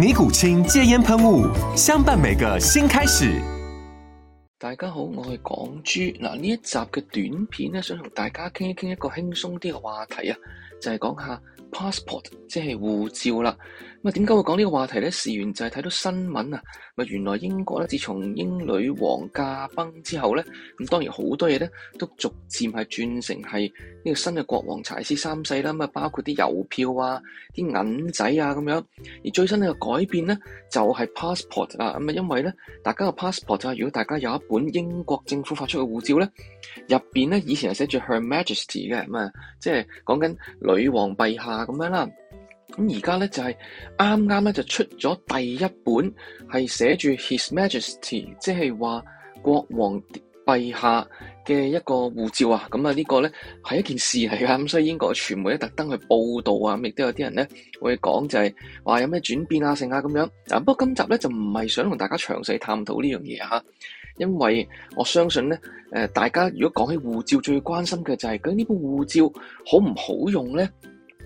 尼古清戒煙噴霧，相伴每個新開始。大家好，我係港豬。嗱，呢一集嘅短片咧，想同大家傾一傾一個輕鬆啲嘅話題啊，就係講下。passport 即係護照啦，咁啊點解會講呢個話題咧？事源就係睇到新聞啊，咪原來英國咧，自從英女王駕崩之後咧，咁當然好多嘢咧都逐漸係轉成係呢個新嘅國王柴斯三世啦。咁啊，包括啲郵票啊、啲銀仔啊咁樣。而最新呢個改變咧，就係 passport 啊，咁啊，因為咧，大家個 passport 啊，如果大家有一本英國政府發出嘅護照咧，入面咧，以前係寫住 Her Majesty 嘅，咁啊，即係講緊女王陛下咁樣啦。咁而家咧就係啱啱咧就出咗第一本係寫住 His Majesty，即係話國王陛下。嘅一個護照啊，咁啊呢個咧係一件事嚟噶，咁所以英國嘅傳媒咧特登去報道啊，咁亦都有啲人咧會講就係話有咩轉變啊，剩啊咁樣。嗱，不過今集咧就唔係想同大家詳細探討呢樣嘢嚇，因為我相信咧誒大家如果講起護照最關心嘅就係究竟呢本護照好唔好用咧，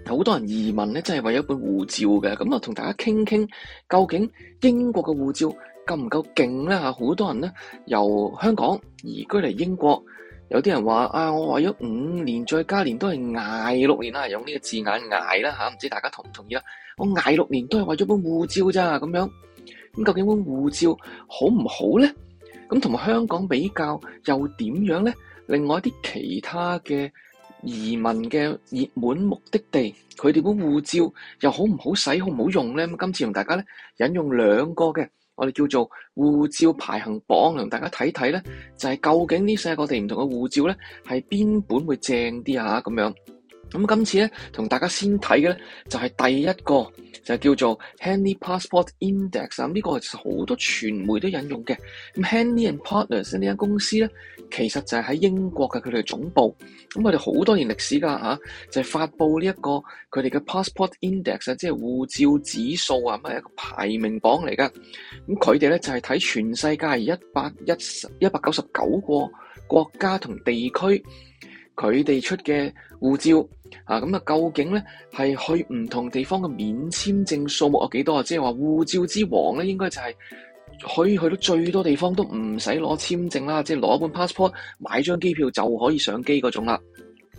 好多人移民咧真係為咗一本護照嘅，咁啊同大家傾傾究竟英國嘅護照。夠唔夠勁咧？吓，好多人咧由香港移居嚟英國，有啲人話啊，我為咗五年再加年都係捱六年啦，用呢個字眼捱啦吓，唔知大家同唔同意啦？我捱六年都係為咗本護照咋，咁樣咁？究竟本護照好唔好咧？咁同香港比較又點樣咧？另外一啲其他嘅移民嘅熱門目的地，佢哋本護照又好唔好使，好唔好用咧？咁今次同大家咧引用兩個嘅。我哋叫做護照排行榜，同大家睇睇咧，就係、是、究竟呢世界各地唔同嘅護照咧，係邊本會正啲啊？咁樣，咁今次咧，同大家先睇嘅咧，就係、是、第一個就係叫做 Henley Passport Index 啊！呢、嗯，這個係好多傳媒都引用嘅。咁 Henley and Partners 呢間、這個、公司咧。其實就係喺英國嘅佢哋總部，咁我哋好多年歷史㗎吓、啊，就係、是、發布呢、這、一個佢哋嘅 passport index 啊，即係護照指數啊，咪一個排名榜嚟㗎。咁佢哋咧就係、是、睇全世界一百一十、一百九十九個國家同地區，佢哋出嘅護照啊，咁、嗯、啊究竟咧係去唔同地方嘅免簽證數目有幾多啊？即係話護照之王咧，應該就係、是。可以去到最多地方都唔使攞簽證啦，即係攞本 passport 買張機票就可以上機嗰種啦。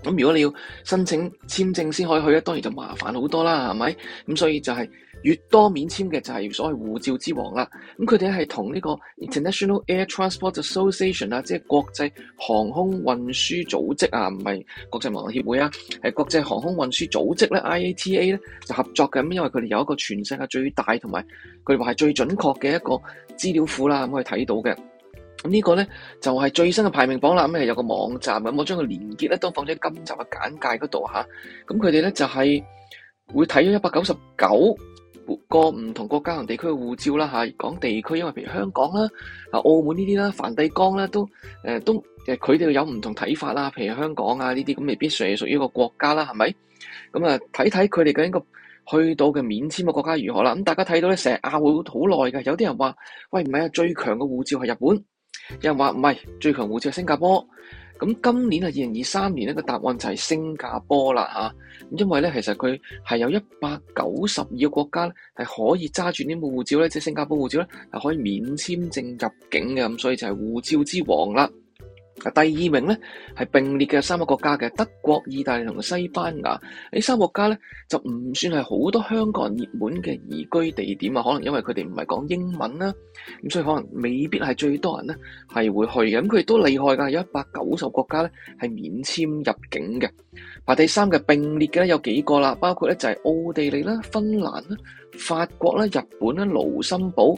咁如果你要申請簽證先可以去咧，當然就麻煩好多啦，係咪？咁所以就係、是。越多免簽嘅就係所謂護照之王啦。咁佢哋咧係同呢個 International Air Transport Association 啦，即係國際航空運輸組織啊，唔係國際網絡協會啊，係國際航空運輸組織咧 （IATA） 咧就合作嘅。咁因為佢哋有一個全世界最大同埋佢哋話係最準確嘅一個資料庫啦。咁可以睇到嘅。咁呢個咧就係最新嘅排名榜啦。咁係有個網站咁，我將個連結咧都放咗喺今集嘅簡介嗰度嚇。咁佢哋咧就係會睇咗一百九十九個唔同國家同地區嘅護照啦吓，講地區，因為譬如香港啦、啊澳門呢啲啦、梵蒂岡啦，都誒、呃、都誒，佢哋有唔同睇法啦。譬如香港啊呢啲，咁未必上係屬於一個國家啦，係咪？咁、嗯、啊，睇睇佢哋嘅應該去到嘅免簽嘅國家如何啦。咁大家睇到咧，成日拗好耐嘅，有啲人話：喂，唔係啊，最強嘅護照係日本；有人話唔係，最強護照係新加坡。咁今年啊，二零二三年呢個答案就係新加坡啦吓，因為咧其實佢係有一百九十二個國家咧係可以揸住呢個護照咧，即係新加坡護照咧，係可以免簽證入境嘅，咁所以就係護照之王啦。第二名咧係並列嘅三個國家嘅德國、意大利同西班牙，呢三個國家咧就唔算係好多香港人熱門嘅移居地點啊，可能因為佢哋唔係講英文啦，咁所以可能未必係最多人咧係會去嘅。咁佢哋都厲害㗎，有一百九十國家咧係免簽入境嘅。排第三嘅並列嘅咧有幾個啦，包括咧就係奧地利啦、芬蘭啦、法國啦、日本啦、盧森堡、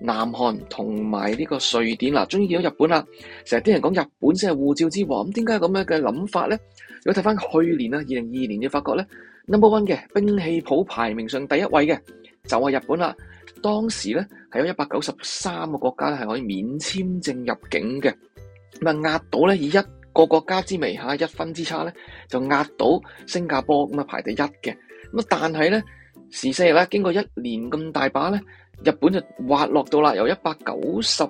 南韓同埋呢個瑞典啦，終於見到日本啦！成日啲人講日本先係護照之王，咁點解咁樣嘅諗法咧？如果睇翻去年啊，二零二二年就發覺咧，number one 嘅兵器譜排名上第一位嘅就係日本啦。當時咧係有一百九十三個國家咧係可以免簽證入境嘅，咁啊壓到咧以一個國家之微吓一分之差咧就壓到新加坡咁啊排第一嘅。咁啊但係咧。時勢啦，經過一年咁大把咧，日本就滑落到啦，由一百九十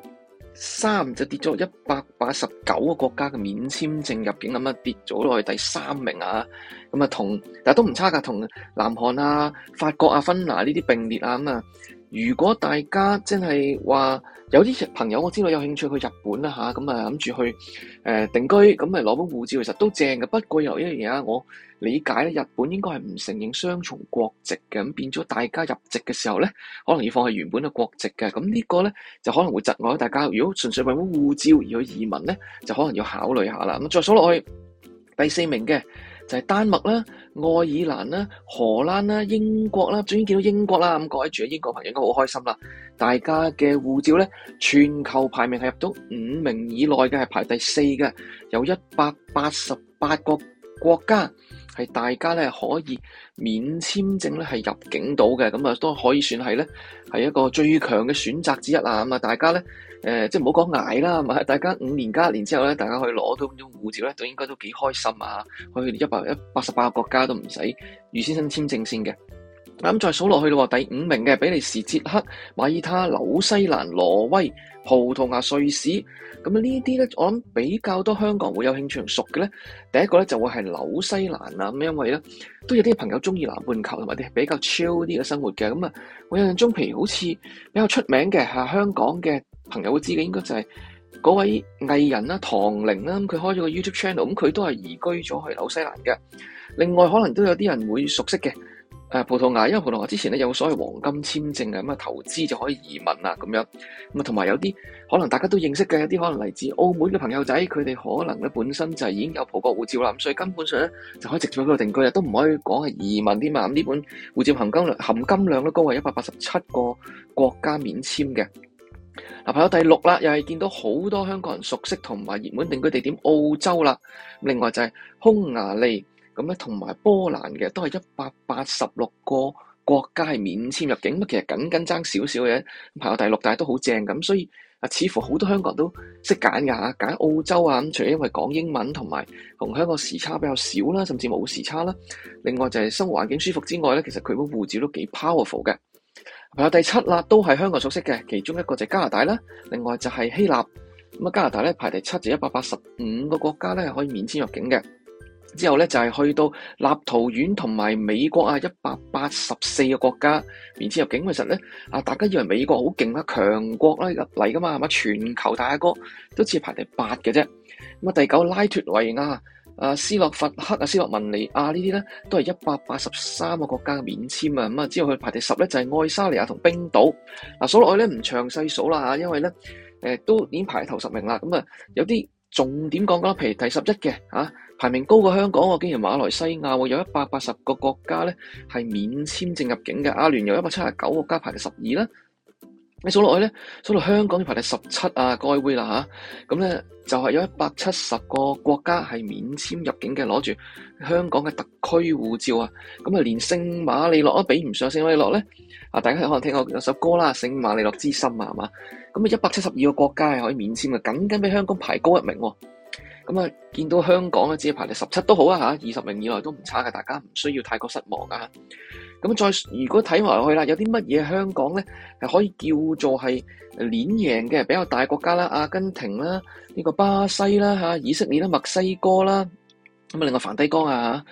三就跌咗一百八十九個國家嘅免簽證入境咁啊，跌咗落去第三名啊，咁啊同但係都唔差㗎，同南韓啊、法國啊、芬蘭呢啲並列啊咁啊。如果大家真係話有啲朋友我知道有興趣去日本啦吓，咁啊諗住、啊啊、去、呃、定居，咁啊攞本護照其實都正嘅，不過又一樣嘢啊我。理解咧，日本應該係唔承認雙重國籍嘅，咁變咗大家入籍嘅時候咧，可能要放棄原本嘅國籍嘅。咁呢個咧就可能會窒礙大家。如果純粹為咗護照而去移民咧，就可能要考慮下啦。咁再數落去，第四名嘅就係丹麥啦、愛爾蘭啦、荷蘭啦、英國啦，終於見到英國啦。咁各位住喺英國嘅朋友應該好開心啦！大家嘅護照咧，全球排名係入到五名以內嘅，係排第四嘅，有一百八十八個國家。係大家咧可以免簽證咧係入境到嘅，咁啊都可以算係咧係一個最強嘅選擇之一啊！咁啊，大家咧誒、呃、即係唔好講捱啦，係嘛？大家五年加一年之後咧，大家可以攞到呢種護照咧，都應該都幾開心啊！去一百一八十八個國家都唔使預先申簽證先嘅。咁再數落去咯，第五名嘅比利時、捷克、馬爾他、紐西蘭、挪威、葡萄牙、瑞士，咁呢啲咧，我諗比較多香港人會有興趣熟嘅咧。第一個咧就會係紐西蘭啦，咁因為咧都有啲朋友中意南半球同埋啲比較 chill 啲嘅生活嘅。咁、嗯、啊，我印象中，譬如好似比較出名嘅，香港嘅朋友會知嘅，應該就係嗰位藝人啦，唐寧啦，咁佢開咗個 YouTube channel，咁佢都係移居咗去紐西蘭嘅。另外，可能都有啲人會熟悉嘅。誒葡萄牙，因為葡萄牙之前咧有所謂黃金簽證，咁啊投資就可以移民啊，咁樣咁啊，同埋有啲可能大家都認識嘅，有啲可能嚟自澳門嘅朋友仔，佢哋可能咧本身就係已經有葡國護照啦，咁所以根本上咧就可以直接喺嗰度定居，都唔可以講係移民添嘛，咁呢本護照含金量含金量都高，係一百八十七個國家免簽嘅。嗱，排到第六啦，又係見到好多香港人熟悉同埋熱門定居地點澳洲啦，另外就係匈牙利。咁咧，同埋波蘭嘅都係一百八十六個國家係免簽入境，咁其實僅僅爭少少嘅，排到第六，但係都好正咁。所以啊，似乎好多香港人都識揀㗎嚇，揀澳洲啊，咁除咗因為講英文同埋同香港時差比較少啦，甚至冇時差啦，另外就係生活環境舒服之外咧，其實佢個護照都幾 powerful 嘅。排到第七啦，都係香港熟悉嘅，其中一個就係加拿大啦，另外就係希臘。咁啊，加拿大咧排第七就一百八十五個國家咧係可以免簽入境嘅。之後咧就係、是、去到立陶宛同埋美國啊，一百八十四個國家免簽入境。其實咧，啊大家以為美國好勁啦，強國啦入嚟噶嘛，係咪全球大哥都似排第八嘅啫。咁啊，第九拉脱維亞、啊斯洛伐克啊、斯洛文尼亞呢啲咧都係一百八十三個國家免簽啊。咁啊，之後佢排第十咧就係、是、愛沙尼亞同冰島。嗱，數落去咧唔詳細數啦，啊，因為咧誒都已經排頭十名啦。咁、嗯、啊，有啲。重點講講，譬如第十一嘅嚇、啊，排名高過香港我竟然馬來西亞會有一百八十個國家咧係免簽證入境嘅，阿聯有一百七十九個國家排第十二啦。你數落去咧，數落香港的排第十七啊，該會啦吓，咁咧就係有一百七十個國家係免簽入境嘅，攞住香港嘅特區護照啊，咁啊連聖馬利諾都比唔上聖馬利諾咧，啊大家可能聽過有首歌啦，聖馬利諾之心啊，係嘛，咁啊一百七十二個國家係可以免簽嘅，僅僅比香港排高一名，哦。咁啊，見到香港咧只係排第十七都好啊嚇，二十名以內都唔差嘅，大家唔需要太過失望啊。咁再如果睇埋落去啦，有啲乜嘢香港咧係可以叫做係連贏嘅比較大國家啦，阿根廷啦，呢個巴西啦嚇，以色列啦，墨西哥啦，咁啊，另外梵蒂岡啊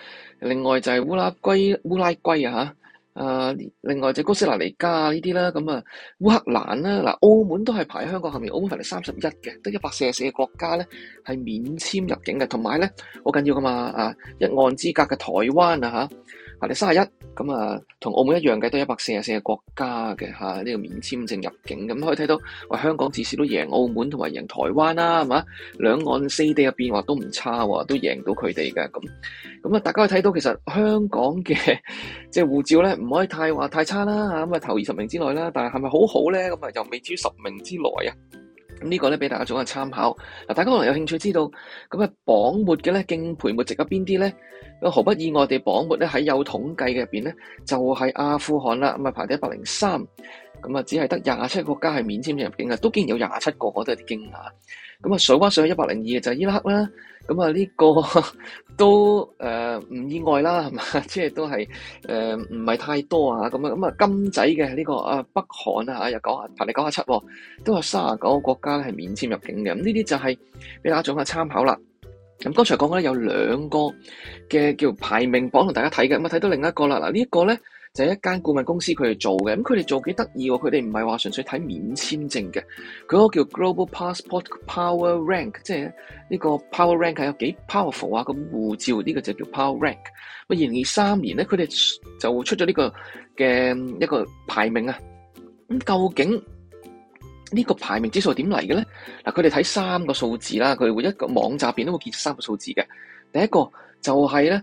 嚇，另外就係烏拉圭烏拉圭啊嚇。啊！另外就哥斯達黎加呢啲啦，咁啊，烏克蘭啦，嗱澳門都係排喺香港後面，澳門份數三十一嘅，得一百四十四個國家咧係免簽入境嘅，同埋咧好緊要噶嘛啊，一岸之隔嘅台灣啊嚇。你三十一咁啊，同澳門一樣嘅，都一百四十四個國家嘅吓，呢個免簽證入境咁，可以睇到，哇，香港至少都贏澳門同埋贏台灣啦，係嘛？兩岸四地入邊話都唔差喎，都贏到佢哋嘅咁，咁啊，大家可以睇到其實香港嘅即係護照咧，唔可以太話太差啦，吓咁啊，頭二十名之內啦，但係係咪好好咧？咁啊，又未至於十名之內啊？咁呢個咧，俾大家做下參考。嗱，大家可能有興趣知道，咁啊榜末嘅咧，敬陪末席有邊啲咧？毫不意外地榜末咧，喺有統計嘅入邊咧，就係阿富汗啦，咁啊排第一百零三。咁啊只係得廿七個國家係免簽入境嘅，都竟然有廿七個是，我都有啲驚啊！咁啊數翻上去一百零二嘅就係伊拉克啦。咁啊，呢、這個都誒唔、呃、意外啦，嘛、就是，即係都係誒唔係太多啊，咁啊咁啊金仔嘅呢、這個啊北韓啊又九排你九啊七喎，有97，都有三十九個國家咧係免簽入境嘅。咁呢啲就係俾大家做下參考啦。咁剛才講嘅咧有兩個嘅叫排名榜同大家睇嘅，咁啊睇到另一個啦。嗱、這個、呢一個咧。就係一間顧問公司佢哋做嘅，咁佢哋做幾得意喎？佢哋唔係話純粹睇免簽證嘅，佢嗰個叫 Global Passport Power Rank，即係呢個 Power Rank 係有幾 powerful 啊？咁、呢個、護照呢、呢個就叫 Power Rank。咁二零二三年咧，佢哋就出咗呢個嘅一個排名啊。咁究竟呢個排名指數點嚟嘅咧？嗱，佢哋睇三個數字啦，佢哋會一個網站入邊都會見三個數字嘅。第一個就係咧。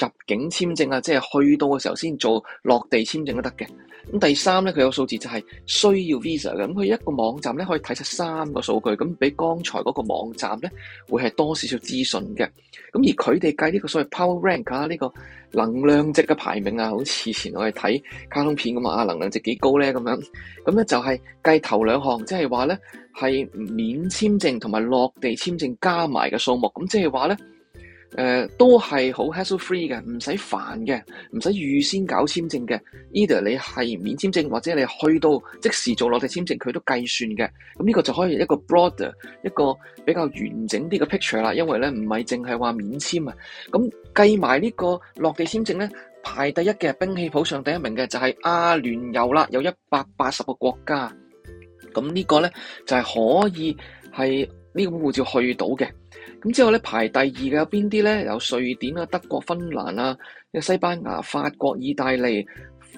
入境簽證啊，即係去到嘅時候先做落地簽證都得嘅。咁第三咧，佢有數字就係需要 Visa 嘅。咁、嗯、佢一個網站咧可以睇出三個數據，咁比剛才嗰個網站咧會係多少少資訊嘅。咁而佢哋計呢個所謂 Power Rank 啊，呢、這個能量值嘅排名啊，好似以前我哋睇卡通片咁啊，能量值幾高咧咁樣。咁、嗯、咧就係、是、計頭兩項，即係話咧係免簽證同埋落地簽證加埋嘅數目。咁即係話咧。誒、呃、都係好 hassle free 嘅，唔使煩嘅，唔使預先搞簽證嘅。Either 你係免簽證，或者你去到即時做落地簽證，佢都計算嘅。咁、嗯、呢、這個就可以一個 broader 一個比較完整啲嘅 picture 啦。因為咧唔係淨係話免簽啊，咁計埋呢個落地簽證咧，排第一嘅兵器譜上第一名嘅就係阿聯酋啦，有一百八十個國家。咁、嗯這個、呢個咧就係可以係呢、這個護照去到嘅。咁之後咧排第二嘅有邊啲咧？有瑞典啊、德國、芬蘭啊、西班牙、法國、意大利、誒、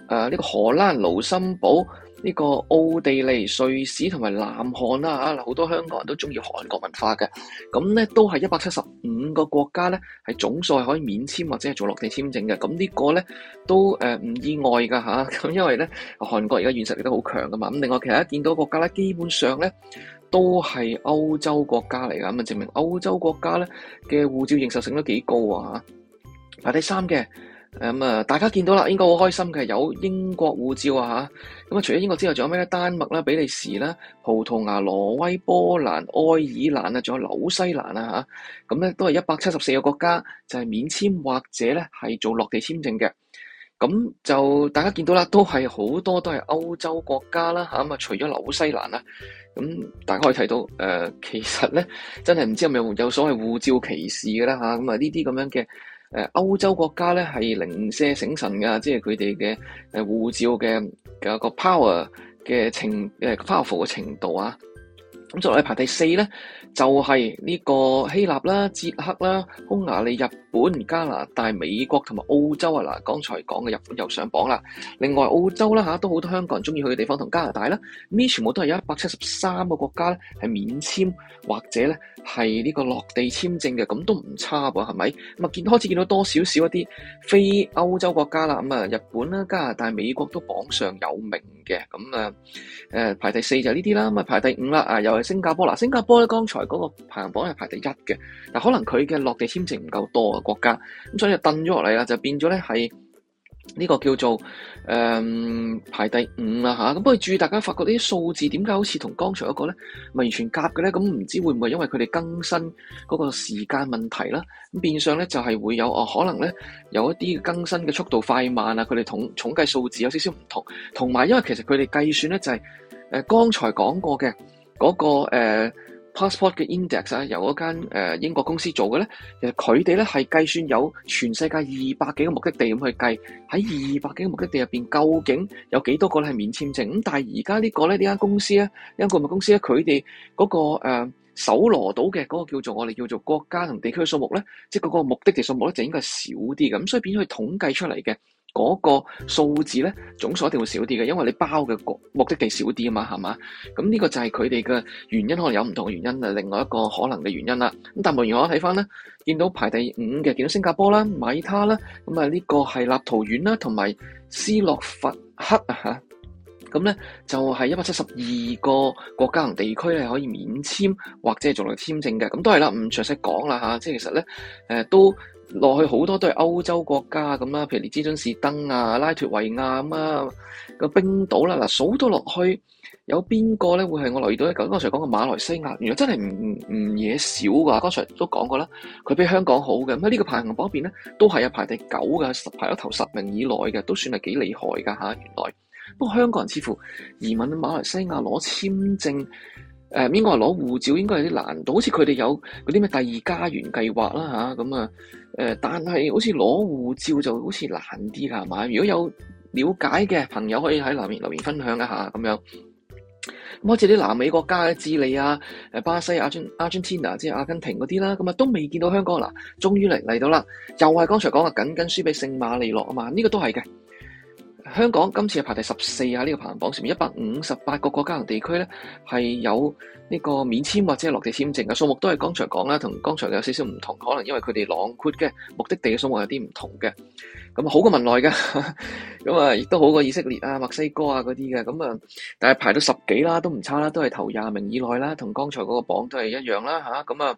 呃、呢、這個荷蘭、盧森堡、呢、這個奧地利、瑞士同埋南韓啦吓，好、啊、多香港人都中意韓國文化嘅。咁咧都係一百七十五個國家咧，係總數係可以免簽或者係做落地簽證嘅。咁呢個咧都誒唔、呃、意外㗎吓。咁、啊、因為咧韓國而家現實力都好強㗎嘛。咁另外其實一見到國家咧，基本上咧，都係歐洲國家嚟噶，咁啊證明歐洲國家咧嘅護照認受性都幾高啊！排第三嘅，咁啊大家見到啦，應該好開心嘅，有英國護照啊嚇！咁啊除咗英國之外，仲有咩咧？丹麥啦、比利時啦、葡萄牙、挪威、波蘭、愛爾蘭啊，仲有紐西蘭啊嚇！咁咧都係一百七十四個國家，就係免簽或者咧係做落地簽證嘅。咁就大家見到啦，都係好多都係歐洲國家啦嚇！咁啊除咗紐西蘭啊。咁、嗯、大家可以睇到，誒、呃，其實咧真係唔知係咪有，有所謂護照歧視嘅啦吓，咁啊呢啲咁樣嘅誒歐洲國家咧係零舍醒神噶，即係佢哋嘅誒護照嘅個個 power 嘅程誒、呃、powerful 嘅程度啊。咁再嚟排第四咧，就係、是、呢個希臘啦、捷克啦、匈牙利、日本、加拿大、美國同埋澳洲啊！嗱，剛才講嘅日本又上榜啦。另外澳洲啦、啊、吓都好多香港人中意去嘅地方，同加拿大啦、啊，呢啲全部都係一百七十三個國家咧係免簽或者咧係呢個落地簽證嘅，咁都唔差噃，係咪？咁啊，見開始見到多少少一啲非歐洲國家啦，咁、嗯、啊，日本啦、啊、加拿大、美國都榜上有名嘅，咁、嗯、啊，誒、呃、排第四就係呢啲啦，咁啊排第五啦啊又。新加坡啦，新加坡咧，剛才嗰個排行榜係排第一嘅，但可能佢嘅落地簽證唔夠多嘅國家，咁所以就掟咗落嚟啦，就變咗咧係呢個叫做誒、嗯、排第五啊吓。咁不過注意大家發覺呢啲數字點解好似同剛才嗰個咧，咪完全夾嘅咧？咁唔知會唔會因為佢哋更新嗰個時間問題啦？咁變相咧就係、是、會有哦，可能咧有一啲更新嘅速度快慢啊，佢哋同統計數字有些少少唔同，同埋因為其實佢哋計算咧就係誒剛才講過嘅。嗰個 passport 嘅 index 啊，呃、index，由嗰間、呃、英國公司做嘅咧，佢哋咧係計算有全世界二百幾個目的地咁去計，喺二百幾個目的地入面，究竟有幾多個係免簽證咁？但係而家呢個咧，呢間公司咧，呢間顧問公司咧，佢哋嗰個、呃、搜羅到嘅嗰個叫做我哋叫做國家同地區嘅數目咧，即係嗰個目的地數目咧，就應該少啲咁，所以變咗佢統計出嚟嘅。嗰個數字咧總數一定會少啲嘅，因為你包嘅目的地少啲啊嘛，係嘛？咁呢個就係佢哋嘅原因，可能有唔同嘅原因啊，另外一個可能嘅原因啦。咁但無疑我睇翻咧，見到排第五嘅，見到新加坡啦、米他啦，咁啊呢個係立陶宛啦，同埋斯洛伐克啊吓。咁咧就係一百七十二個國家同地區咧，可以免簽或者係做內簽證嘅。咁都係啦，唔詳細講啦吓，啊，即係其實咧，呃，都。落去好多都係歐洲國家咁啦，譬如列支敦士登啊、拉脫維亞咁啊，個冰島啦，嗱數到落去，有邊個咧會係我留意到一個？啱先講過馬來西亞，原來真係唔唔嘢少㗎。啱先都講過啦，佢比香港好嘅。咁喺呢個排行榜嗰邊咧，都係一排第九嘅，十排咗頭十名以內嘅，都算係幾厲害㗎吓、啊、原來，不過香港人似乎移民馬來西亞攞簽證，誒應該係攞護照，應該有啲難度。好似佢哋有嗰啲咩第二家園計劃啦嚇，咁啊～呃、但係好似攞護照就好似難啲㗎，係嘛？如果有了解嘅朋友，可以喺留言留言分享一下咁樣。咁好似啲南美國家嘅智利啊、誒巴西、Argentina，即係阿根廷嗰啲啦，咁啊都未見到香港啦，終於嚟嚟到啦，又係剛才講啊，僅僅輸俾聖馬利諾啊嘛，呢、這個都係嘅。香港今次係排第十四啊。呢個排行榜上面一百五十八個國家和地區咧，係有呢個免簽或者係落地簽證嘅數目都是剛的，都係剛才講啦，同剛才有少少唔同，可能因為佢哋囊括嘅目的地嘅數目有啲唔同嘅。咁好過文萊嘅，咁啊亦都好過以色列啊、墨西哥啊嗰啲嘅。咁啊，但係排到十幾啦，都唔差啦，都係頭廿名以內啦，同剛才嗰個榜都係一樣啦，吓咁啊。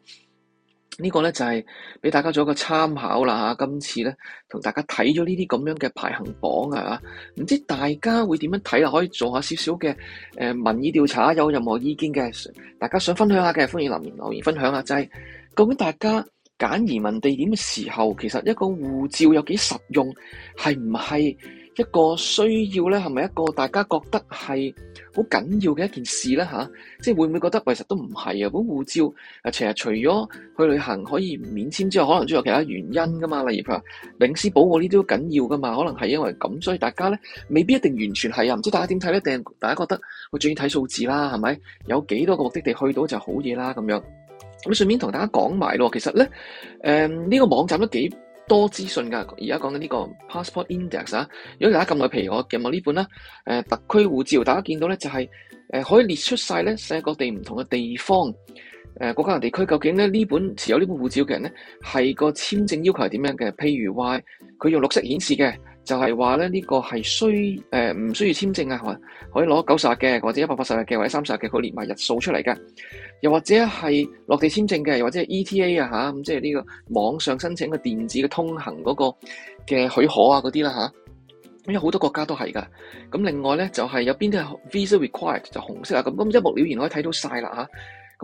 呢個呢，就係俾大家做一個參考啦嚇，今次呢，同大家睇咗呢啲咁樣嘅排行榜啊，唔知大家會點樣睇啊？可以做下少少嘅誒民意調查，有任何意見嘅，大家想分享下嘅，歡迎留言留言分享下。就係究竟大家揀移民地點嘅時候，其實一個護照有幾實用，係唔係？一個需要咧係咪一個大家覺得係好緊要嘅一件事咧吓、啊，即係會唔會覺得其實都唔係啊？本護照啊，其實、呃、除咗去旅行可以免簽之外，可能都有其他原因噶嘛。例如話領事保護呢啲都緊要噶嘛，可能係因為咁，所以大家咧未必一定完全係啊。唔知大家點睇咧？定大家覺得我最中意睇數字啦，係咪有幾多個目的地去到就好嘢啦咁樣？咁啊，順便同大家講埋咯，其實咧誒呢、嗯呢個網站都幾多資訊㗎，而家講緊呢個 Passport Index 啊，如果大家撳落譬如我嘅呢本啦。誒、呃、特區護照，大家見到咧就係、是、誒可以列出晒咧世界各地唔同嘅地方，誒國家同地區，究竟咧呢本持有呢本護照嘅人咧係個簽證要求係點樣嘅？譬如話佢用綠色顯示嘅。就係話咧，呢個係需誒唔需要簽證啊，可可以攞九十日嘅，或者一百八十日嘅，或者三十日嘅，佢連埋日數出嚟嘅。又或者係落地簽證嘅，又或者 ETA 啊吓，咁即係呢個網上申請嘅電子嘅通行嗰個嘅許可啊嗰啲啦吓，因為好多國家都係噶。咁另外咧就係、是、有邊啲 Visa Required 就紅色啊。咁咁一目了然可以睇到晒啦、吓。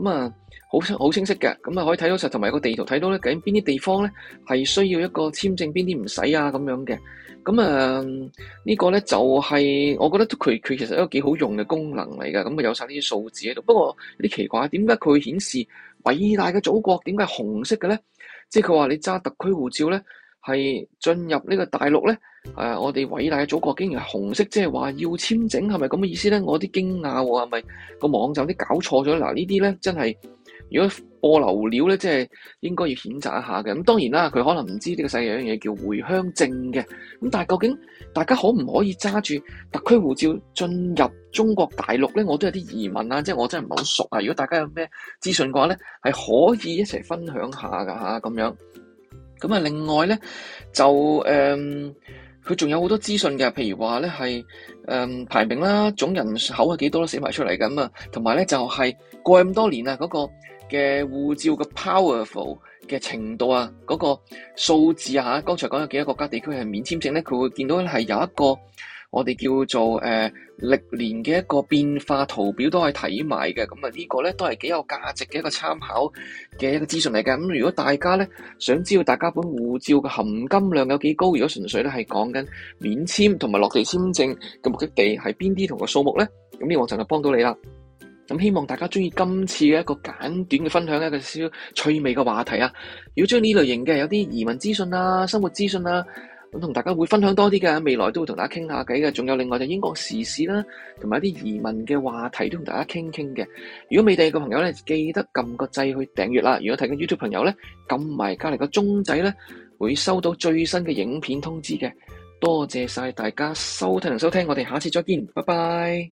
咁啊，好清好清晰嘅，咁、嗯、啊可以睇到實，同埋個地圖睇到咧，究竟邊啲地方咧係需要一個簽證，邊啲唔使啊咁樣嘅。咁、嗯、啊、這個、呢個咧就係、是、我覺得佢佢其實是一個幾好用嘅功能嚟嘅。咁、嗯、啊有晒呢啲數字喺度，不過有啲奇怪，點解佢顯示偉大嘅祖國點解係紅色嘅咧？即係佢話你揸特區護照咧。係進入呢個大陸咧，誒、啊，我哋偉大嘅祖國竟然係紅色，即係話要簽證，係咪咁嘅意思咧？我啲驚訝喎，係咪個網站啲搞錯咗？嗱、啊，呢啲咧真係如果播流料咧，即係應該要譴責一下嘅。咁、啊、當然啦，佢可能唔知呢個世界有樣嘢叫回鄉證嘅。咁、啊、但係究竟大家可唔可以揸住特區護照進入中國大陸咧？我都有啲疑問啊，即係我真係唔係好熟啊。如果大家有咩資訊嘅話咧，係可以一齊分享下噶吓咁樣。咁啊，另外咧就誒，佢、嗯、仲有好多資訊嘅，譬如話咧係誒排名啦，總人口係幾多都寫埋出嚟咁、就是那個那個、啊，同埋咧就係過咁多年啊，嗰個嘅護照嘅 powerful 嘅程度啊，嗰個數字啊，剛才講有幾多國家地區係免簽證咧，佢會見到係有一個。我哋叫做誒、呃、歷年嘅一個變化圖表都係睇埋嘅，咁啊呢個咧都係幾有價值嘅一個參考嘅一個資訊嚟嘅。咁如果大家咧想知道大家本護照嘅含金量有幾高，如果純粹咧係講緊免簽同埋落地簽證嘅目的地係邊啲同個數目咧，咁呢個我就係幫到你啦。咁希望大家中意今次嘅一個簡短嘅分享，一個少趣味嘅話題啊！如果將呢類型嘅有啲移民資訊啊、生活資訊啊。咁同大家會分享多啲嘅，未來都會同大家傾下偈嘅，仲有另外就英國時事啦，同埋一啲移民嘅話題都同大家傾傾嘅。如果未訂閱嘅朋友咧，記得撳個掣去訂閱啦。如果睇緊 YouTube 朋友咧，撳埋隔籬個鐘仔咧，會收到最新嘅影片通知嘅。多謝晒大家收聽同收聽，我哋下次再見，拜拜。